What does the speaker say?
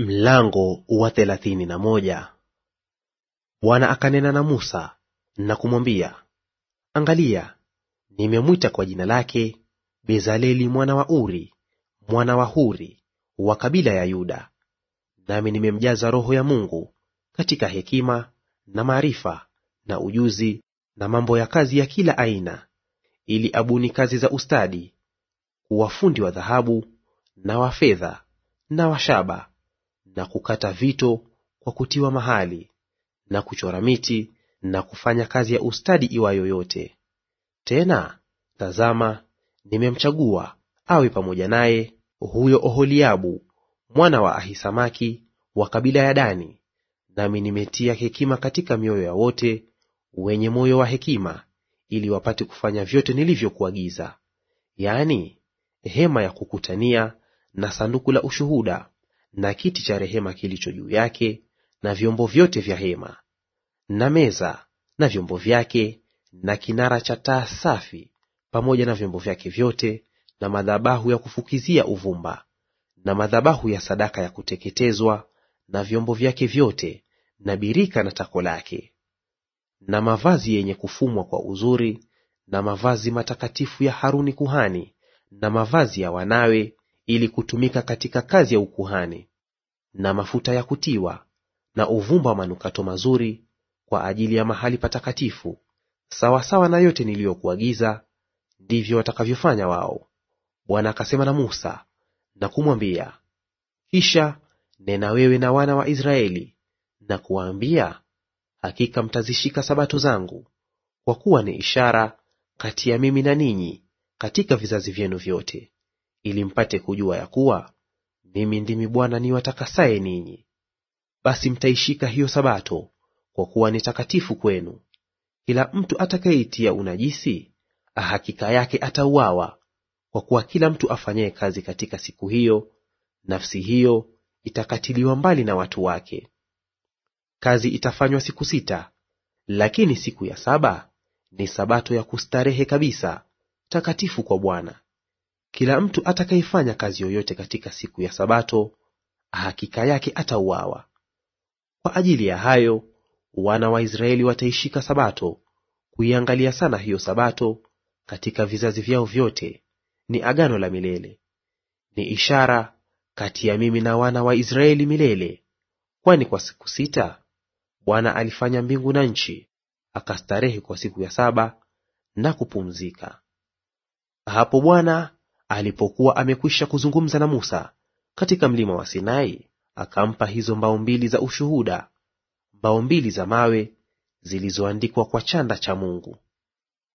Mlango wa thelathini na moja. Bwana akanena na Musa na kumwambia, Angalia, nimemwita kwa jina lake Bezaleli mwana wa Uri mwana wa Huri wa kabila ya Yuda, nami nimemjaza roho ya Mungu katika hekima na maarifa na ujuzi na mambo ya kazi ya kila aina, ili abuni kazi za ustadi, kuwa fundi wa dhahabu na wa fedha na wa shaba na kukata vito kwa kutiwa mahali na kuchora miti na kufanya kazi ya ustadi iwayo yote. Tena tazama, nimemchagua awe pamoja naye huyo Oholiabu mwana wa Ahisamaki wa kabila ya Dani, nami nimetia hekima katika mioyo ya wote wenye moyo wa hekima, ili wapate kufanya vyote nilivyokuagiza, yaani hema ya kukutania na sanduku la ushuhuda na kiti cha rehema kilicho juu yake na vyombo vyote vya hema na meza na vyombo vyake na kinara cha taa safi pamoja na vyombo vyake vyote na madhabahu ya kufukizia uvumba na madhabahu ya sadaka ya kuteketezwa na vyombo vyake vyote na birika na tako lake na mavazi yenye kufumwa kwa uzuri na mavazi matakatifu ya Haruni kuhani na mavazi ya wanawe ili kutumika katika kazi ya ukuhani, na mafuta ya kutiwa, na uvumba wa manukato mazuri kwa ajili ya mahali patakatifu, sawasawa na yote niliyokuagiza, ndivyo watakavyofanya wao. Bwana akasema na Musa na kumwambia, kisha nena wewe na wana wa Israeli na kuwaambia, hakika mtazishika sabato zangu, kwa kuwa ni ishara kati ya mimi na ninyi katika vizazi vyenu vyote ili mpate kujua ya kuwa mimi ndimi Bwana niwatakasaye ninyi. Basi mtaishika hiyo Sabato, kwa kuwa ni takatifu kwenu. Kila mtu atakayeitia unajisi, hakika yake atauawa. Kwa kuwa kila mtu afanyaye kazi katika siku hiyo, nafsi hiyo itakatiliwa mbali na watu wake. Kazi itafanywa siku sita, lakini siku ya saba ni sabato ya kustarehe kabisa, takatifu kwa Bwana. Kila mtu atakayefanya kazi yoyote katika siku ya Sabato, hakika yake atauawa. Kwa ajili ya hayo wana wa Israeli wataishika Sabato, kuiangalia sana hiyo Sabato katika vizazi vyao vyote; ni agano la milele, ni ishara kati ya mimi na wana wa Israeli milele. Kwani kwa siku sita Bwana alifanya mbingu na nchi, akastarehe kwa siku ya saba na kupumzika. Hapo Bwana alipokuwa amekwisha kuzungumza na Musa katika mlima wa Sinai, akampa hizo mbao mbili za ushuhuda, mbao mbili za mawe zilizoandikwa kwa chanda cha Mungu.